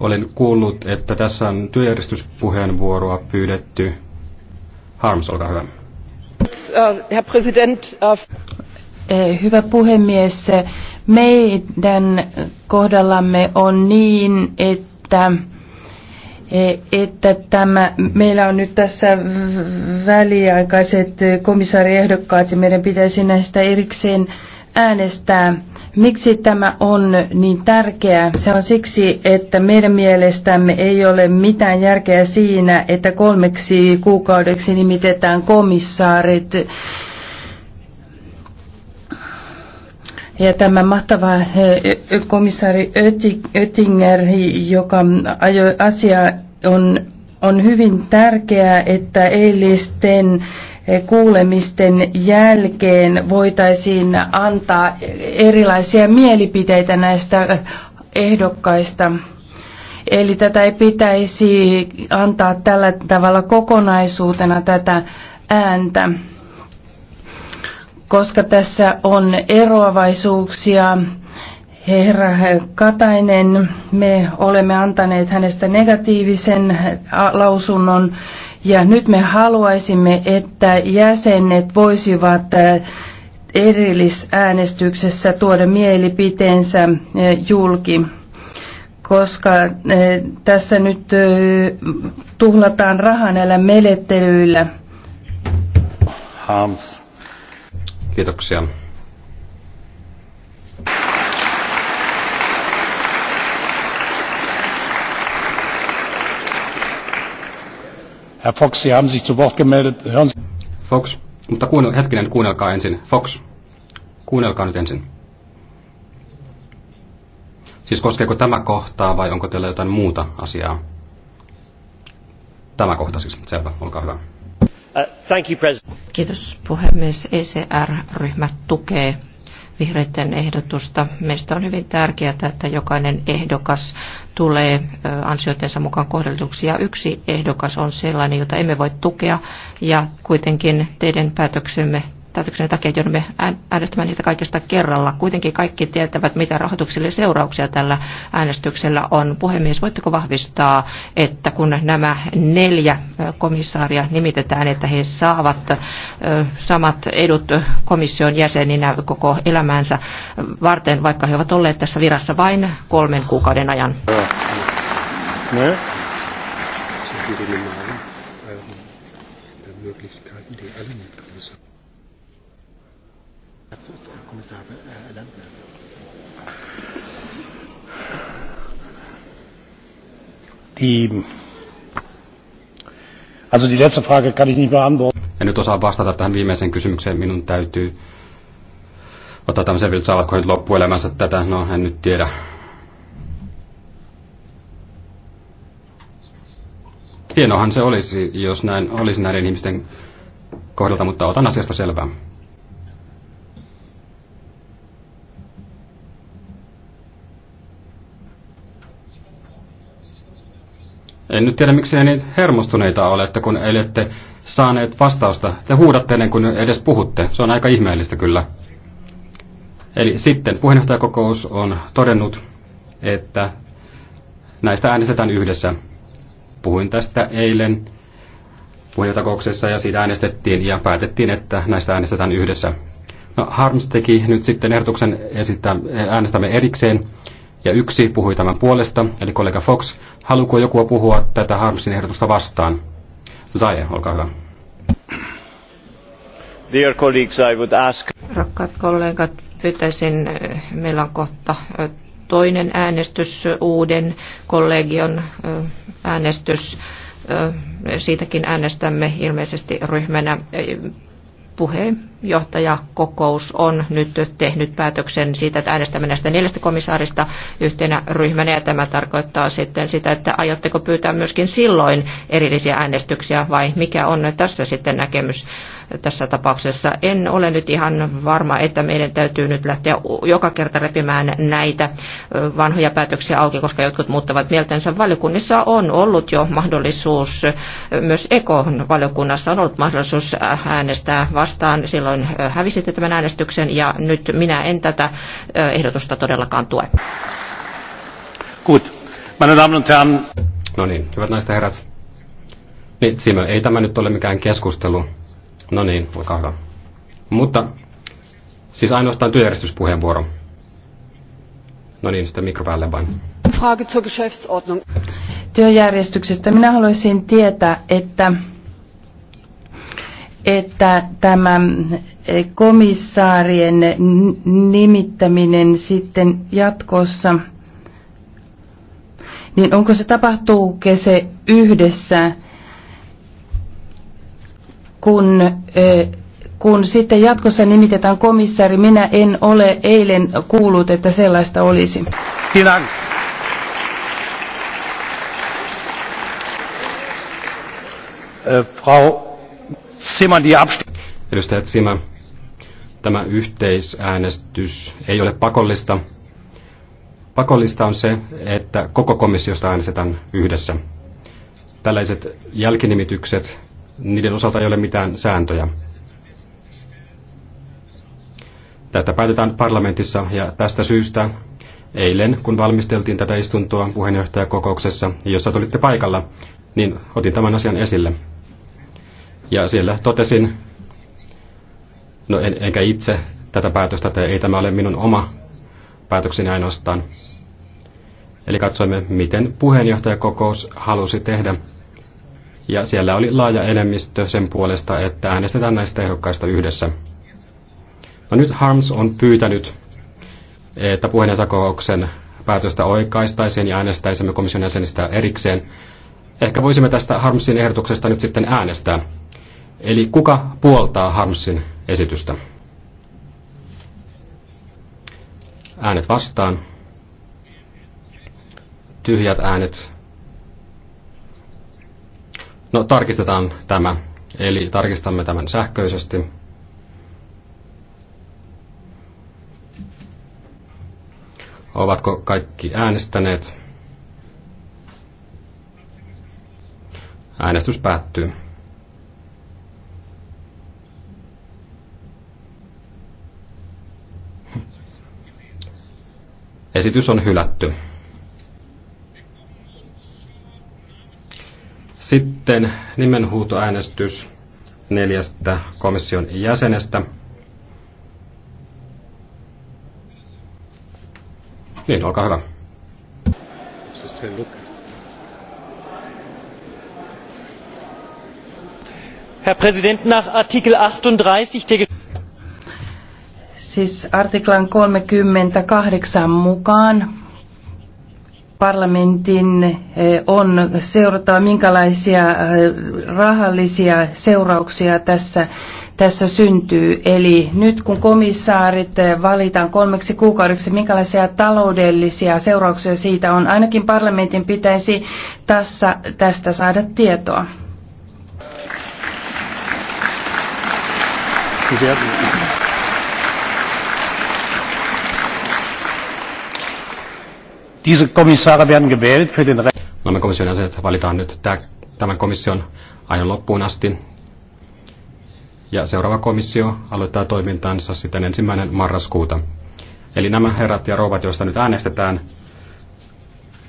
Olen kuullut, että tässä on työjärjestyspuheenvuoroa pyydetty. Harms, olkaa hyvä. Äh, eh, hyvä puhemies, meidän kohdallamme on niin, että eh, että tämä, meillä on nyt tässä väliaikaiset komissaariehdokkaat ja meidän pitäisi näistä erikseen äänestää. Miksi tämä on niin tärkeää? Se on siksi, että meidän mielestämme ei ole mitään järkeä siinä, että kolmeksi kuukaudeksi nimitetään komissaarit. Ja tämä mahtava eh, komissaari Oettinger, joka ajoi asiaa, on, on hyvin tärkeää, että eilisten kuulemisten jälkeen voitaisiin antaa erilaisia mielipiteitä näistä ehdokkaista. Eli tätä ei pitäisi antaa tällä tavalla kokonaisuutena tätä ääntä, koska tässä on eroavaisuuksia. Herra Katainen, me olemme antaneet hänestä negatiivisen lausunnon ja nyt me haluaisimme, että jäsenet voisivat äh, erillisäänestyksessä tuoda mielipiteensä äh, julki, koska äh, tässä nyt tuhlataan rahaa näillä menettelyillä. Hans. Kiitoksia. Herr Fox, Sie haben sich zu Wort gemeldet. Hören Sie. Fox, mutta kuunnel, hetkinen, kuunnelkaa ensin. Fox, kuunnelkaa nyt ensin. Siis koskeeko tämä kohtaa vai onko teillä jotain muuta asiaa? Tämä kohta siis, selvä, olkaa hyvä. Uh, thank you, president. Kiitos puhemies. ECR-ryhmä tukee vihreiden ehdotusta. Meistä on hyvin tärkeää, että jokainen ehdokas tulee ansioitensa mukaan kohdelluksi. Ja yksi ehdokas on sellainen, jota emme voi tukea. Ja kuitenkin teidän päätöksemme päätöksen takia joudumme äänestämään niistä kaikista kerralla. Kuitenkin kaikki tietävät, mitä rahoituksille seurauksia tällä äänestyksellä on. Puhemies, voitteko vahvistaa, että kun nämä neljä komissaaria nimitetään, että he saavat samat edut komission jäseninä koko elämänsä varten, vaikka he ovat olleet tässä virassa vain kolmen kuukauden ajan? Ne? möglichkeiten die alle en nyt osaa vastata tähän viimeiseen kysymykseen. Minun täytyy ottaa tämmöisen viltä, saavatko nyt loppuelämänsä tätä. No, en nyt tiedä. Hienohan se olisi, jos näin olisi näiden ihmisten kohdalta, mutta otan asiasta selvää. En nyt tiedä, miksi niin hermostuneita olette, kun elette saaneet vastausta. Te huudatte ennen kuin edes puhutte. Se on aika ihmeellistä kyllä. Eli sitten puheenjohtajakokous on todennut, että näistä äänestetään yhdessä. Puhuin tästä eilen puheenjohtajakouksessa ja siitä äänestettiin ja päätettiin, että näistä äänestetään yhdessä. No, Harms teki nyt sitten ehdotuksen esittää, äänestämme erikseen ja yksi puhui tämän puolesta, eli kollega Fox. Haluuko joku puhua tätä Harmsin ehdotusta vastaan? Zaje, olkaa hyvä. Dear colleagues, I would ask... Rakkaat kollegat, pyytäisin, eh, meillä on kohta eh, toinen äänestys, eh, uuden kollegion äänestys. Siitäkin äänestämme ilmeisesti ryhmänä puheenjohtajakokous on nyt tehnyt päätöksen siitä, että äänestämme näistä neljästä komissaarista yhtenä ryhmänä, ja tämä tarkoittaa sitten sitä, että aiotteko pyytää myöskin silloin erillisiä äänestyksiä, vai mikä on tässä sitten näkemys? tässä tapauksessa. En ole nyt ihan varma, että meidän täytyy nyt lähteä joka kerta repimään näitä vanhoja päätöksiä auki, koska jotkut muuttavat mieltänsä. Valiokunnissa on ollut jo mahdollisuus, myös Ekon valiokunnassa on ollut mahdollisuus äänestää vastaan. Silloin hävisitte tämän äänestyksen ja nyt minä en tätä ehdotusta todellakaan tue. Gut. Meine Damen und Herren. No niin, hyvät naiset ja herrat. Niin, Simo, ei tämä nyt ole mikään keskustelu. No niin, olkaa hyvä. Mutta siis ainoastaan työjärjestyspuheenvuoro. No niin, sitten mikro päälle vain. Frage zur Geschäftsordnung. Työjärjestyksestä minä haluaisin tietää, että että tämä e, komissaarien nimittäminen sitten jatkossa, niin onko se tapahtuu se yhdessä kun, kun sitten jatkossa nimitetään komissaari, minä en ole eilen kuullut, että sellaista olisi. Kiitos. Frau Zimmer, die Edustaja Zimmer, tämä yhteisäänestys ei ole pakollista. Pakollista on se, että koko komissiosta äänestetään yhdessä. Tällaiset jälkinimitykset niiden osalta ei ole mitään sääntöjä. Tästä päätetään parlamentissa ja tästä syystä eilen, kun valmisteltiin tätä istuntoa puheenjohtajakokouksessa, jossa tulitte paikalla, niin otin tämän asian esille. Ja siellä totesin, no en, enkä itse tätä päätöstä että ei tämä ole minun oma päätökseni ainoastaan. Eli katsoimme, miten puheenjohtajakokous halusi tehdä ja siellä oli laaja enemmistö sen puolesta, että äänestetään näistä ehdokkaista yhdessä. No nyt Harms on pyytänyt, että puheenjohtajakokouksen päätöstä oikaistaisiin ja äänestäisimme komission jäsenistä erikseen. Ehkä voisimme tästä Harmsin ehdotuksesta nyt sitten äänestää. Eli kuka puoltaa Harmsin esitystä? Äänet vastaan. Tyhjät äänet No tarkistetaan tämä. Eli tarkistamme tämän sähköisesti. Ovatko kaikki äänestäneet? Äänestys päättyy. Esitys on hylätty. Sitten nimenhuutoäänestys neljästä komission jäsenestä. Niin, olkaa hyvä. Herr Präsident, nach Artikel 38 der Siis artiklan 38 mukaan parlamentin eh, on seurattava, minkälaisia eh, rahallisia seurauksia tässä, tässä syntyy. Eli nyt kun komissaarit eh, valitaan kolmeksi kuukaudeksi, minkälaisia taloudellisia seurauksia siitä on, ainakin parlamentin pitäisi tässä, tästä saada tietoa. Kiitos. Diese Kommissare werden gewählt für den Nämä no, komission jäsenet valitaan nyt tämän komission ajan loppuun asti. Ja seuraava komissio aloittaa toimintansa sitten ensimmäinen marraskuuta. Eli nämä herrat ja rouvat, joista nyt äänestetään,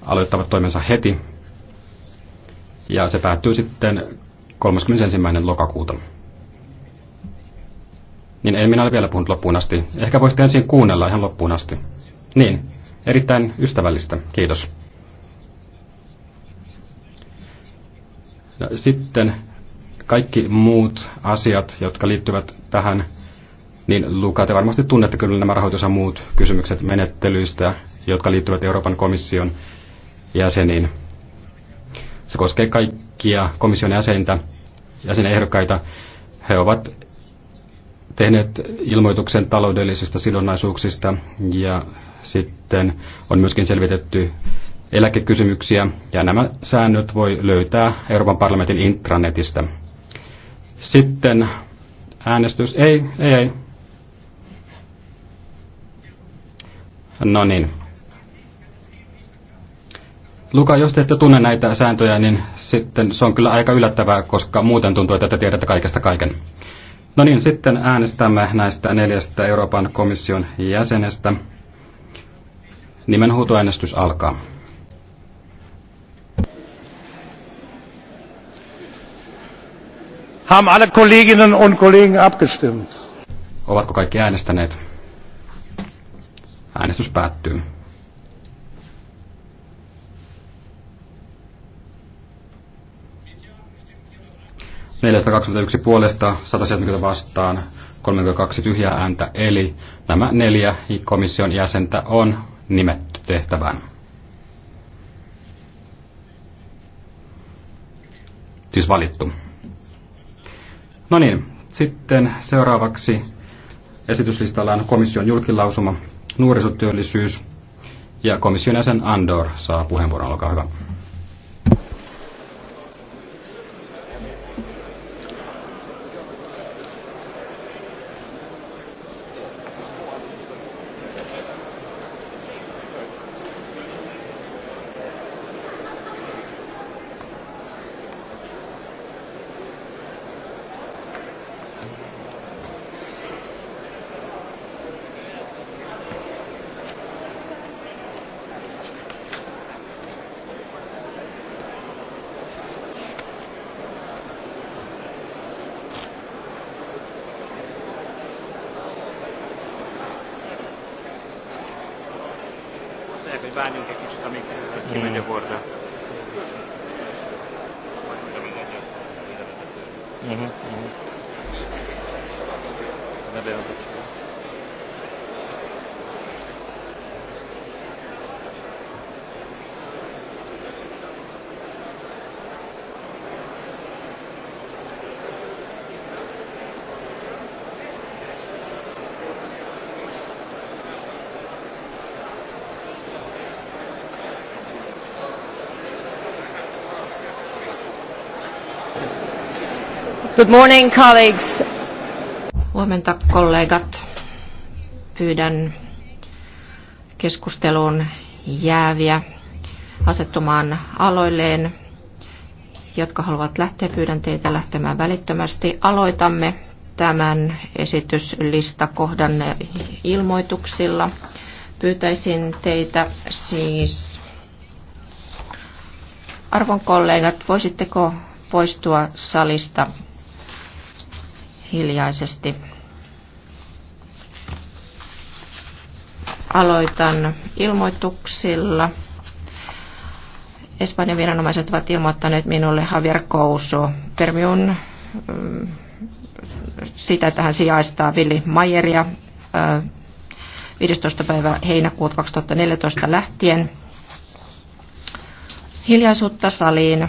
aloittavat toimensa heti. Ja se päättyy sitten 31. lokakuuta. Niin en minä ole vielä puhunut loppuun asti. Ehkä voisitte ensin kuunnella ihan loppuun asti. Niin, erittäin ystävällistä. Kiitos. Sitten kaikki muut asiat, jotka liittyvät tähän, niin Luka, te varmasti tunnette kyllä nämä rahoitus ja muut kysymykset menettelyistä, jotka liittyvät Euroopan komission jäseniin. Se koskee kaikkia komission jäsentä, jäsenehdokkaita. He ovat tehneet ilmoituksen taloudellisista sidonnaisuuksista ja sitten on myöskin selvitetty eläkekysymyksiä, ja nämä säännöt voi löytää Euroopan parlamentin intranetistä. Sitten äänestys. Ei, ei, ei. No niin. Luka, jos te ette tunne näitä sääntöjä, niin sitten se on kyllä aika yllättävää, koska muuten tuntuu, että te tiedätte kaikesta kaiken. No niin, sitten äänestämme näistä neljästä Euroopan komission jäsenestä. Nimenhuutoäänestys alkaa. Haben alle Kolleginnen und Kollegen abgestimmt? Ovatko kaikki äänestäneet? Äänestys päättyy. Neljästä puolesta, 170 vastaan, 32 tyhjää ääntä, eli nämä neljä komission jäsentä on nimetty tehtävään. Siis valittu. No niin, sitten seuraavaksi esityslistalla on komission julkilausuma nuorisotyöllisyys ja komission jäsen Andor saa puheenvuoron, olkaa hyvä. border. Mm-hmm, mm-hmm. Good morning, colleagues. Huomenta kollegat. Pyydän keskusteluun jääviä asettumaan aloilleen. Jotka haluavat lähteä, pyydän teitä lähtemään välittömästi. Aloitamme tämän esityslistakohdan ilmoituksilla. Pyytäisin teitä siis, arvon kollegat, voisitteko poistua salista hiljaisesti. Aloitan ilmoituksilla. Espanjan viranomaiset ovat ilmoittaneet minulle Javier Couso Permiun mm, sitä, että hän sijaistaa Villi Mayeria 15. päivä heinäkuuta 2014 lähtien. Hiljaisuutta saliin,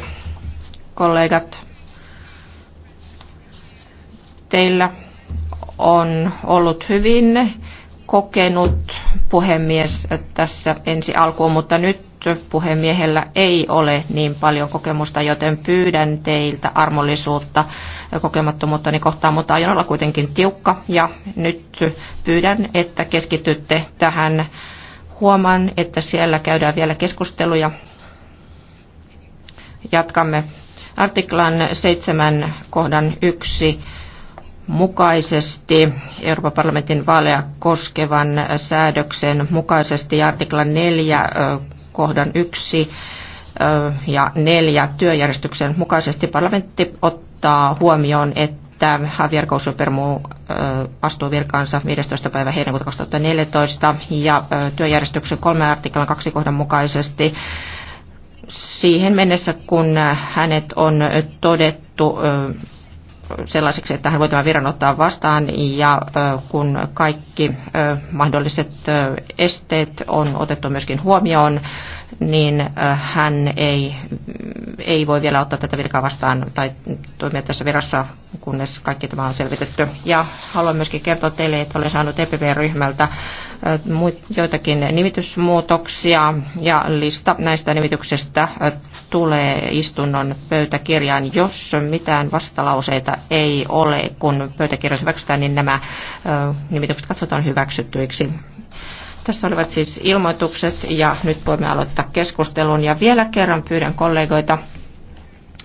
kollegat teillä on ollut hyvin kokenut puhemies tässä ensi alkuun, mutta nyt puhemiehellä ei ole niin paljon kokemusta, joten pyydän teiltä armollisuutta niin kohtaan, mutta aion olla kuitenkin tiukka. Ja nyt pyydän, että keskitytte tähän. Huomaan, että siellä käydään vielä keskusteluja. Jatkamme artiklan 7 kohdan 1 mukaisesti, Euroopan parlamentin vaaleja koskevan säädöksen mukaisesti artikla 4 kohdan 1 ja 4 työjärjestyksen mukaisesti parlamentti ottaa huomioon, että Javier Kousupermu astuu virkaansa 15. päivä heinäkuuta 2014 ja työjärjestyksen 3 artiklan 2 kohdan mukaisesti siihen mennessä, kun hänet on todettu sellaiseksi, että hän voi tämän viran ottaa vastaan ja kun kaikki mahdolliset esteet on otettu myöskin huomioon, niin hän ei, ei voi vielä ottaa tätä virkaa vastaan tai toimia tässä virassa, kunnes kaikki tämä on selvitetty. Ja haluan myöskin kertoa teille, että olen saanut EPV-ryhmältä joitakin nimitysmuutoksia ja lista näistä nimityksistä tulee istunnon pöytäkirjaan. Jos mitään vastalauseita ei ole, kun pöytäkirjat hyväksytään, niin nämä nimitykset katsotaan hyväksyttyiksi. Tässä olivat siis ilmoitukset ja nyt voimme aloittaa keskustelun. Ja vielä kerran pyydän kollegoita